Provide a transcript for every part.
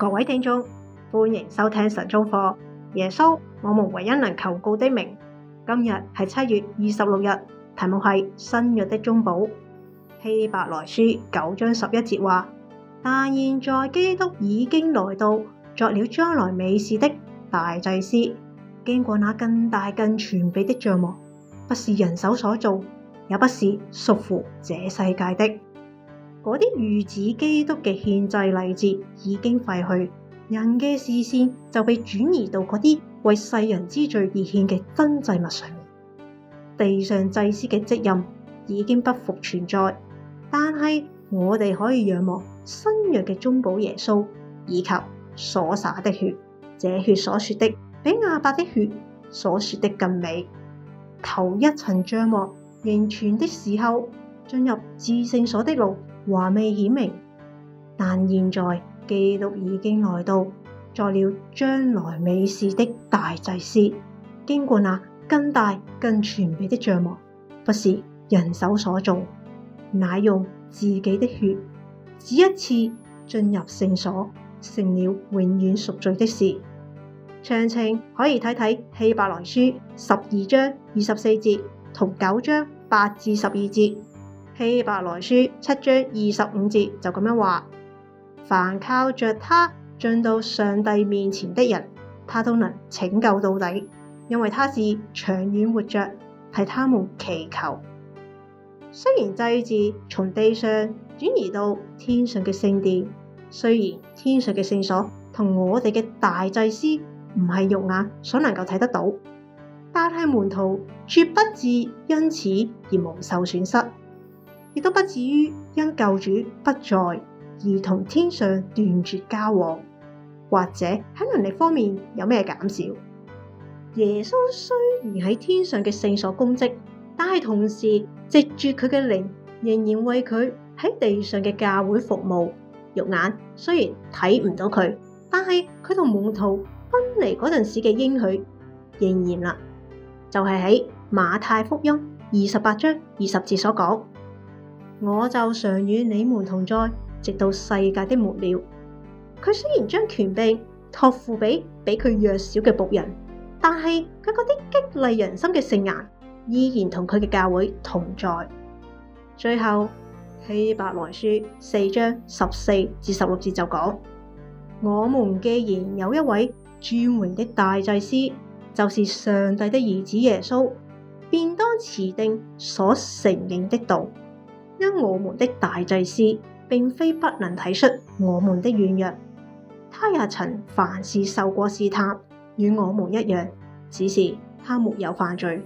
各位聽眾，歡迎收聽神中課。耶穌，我們唯一能求告的名。今日係七月二十六日，題目係新約的中保。希伯來書九章十一節話：但現在基督已經來到，作了將來美事的大祭司，經過那更大更全備的帳幕，不是人手所造，也不是屬乎這世界的。嗰啲御子基督嘅獻祭禮節已經廢去，人嘅視線就被轉移到嗰啲為世人之罪而獻嘅真祭物上面。地上祭司嘅職任已經不復存在，但係我哋可以仰望新約嘅中保耶穌以及所灑的血，這血所說的比亞伯的血所說的更美。頭一層帳幕仍存的時候，進入至聖所的路，話未顯明，但現在基督已經來到，作了將來美事的大祭司，經過那更大更全備的帳幕，不是人手所做，乃用自己的血，只一次進入聖所，成了永遠贖罪的事。詳情可以睇睇希伯來書十二章二十四節同九章八至十二節。希伯來書七章二十五節就咁樣話：凡靠着他進到上帝面前的人，他都能拯救到底，因為他是長遠活着，替他們祈求。雖然祭祀從地上轉移到天上嘅聖殿，雖然天上嘅聖所同我哋嘅大祭司唔係肉眼所能夠睇得到，但係門徒絕不至因此而蒙受損失。亦都不至於因救主不在而同天上斷絕交往，或者喺能力方面有咩減少。耶穌雖然喺天上嘅聖所供職，但係同時藉住佢嘅靈，仍然為佢喺地上嘅教會服務。肉眼雖然睇唔到佢，但係佢同門徒分離嗰陣時嘅應許，仍然啦，就係、是、喺馬太福音二十八章二十節所講。我就常與你們同在，直到世界的末了。佢雖然將權柄託付俾比佢弱小嘅僕人，但係佢嗰啲激勵人心嘅性格，依然同佢嘅教會同在。最後，希伯來書四章十四至十六節就講：我們既然有一位尊榮的大祭司，就是上帝的兒子耶穌，便當持定所承認的道。因我們的大祭司並非不能體恤我們的軟弱，他也曾凡事受過試探，與我們一樣。只是他沒有犯罪，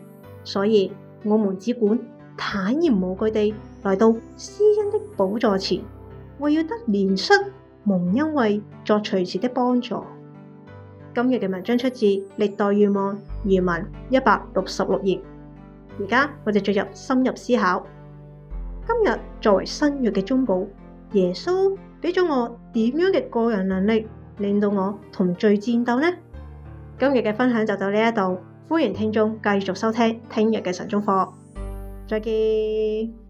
所以我們只管坦然無懼地來到施恩的寶座前，為要得憐恤、蒙恩惠、作隨時的幫助。今日嘅文章出自《歷代願望》原文一百六十六頁，而家我哋進入深入思考。今日作為新約嘅中保，耶穌俾咗我點樣嘅個人能力，令到我同罪戰鬥呢？今日嘅分享就到呢一度，歡迎聽眾繼續收聽聽日嘅晨鐘課，再見。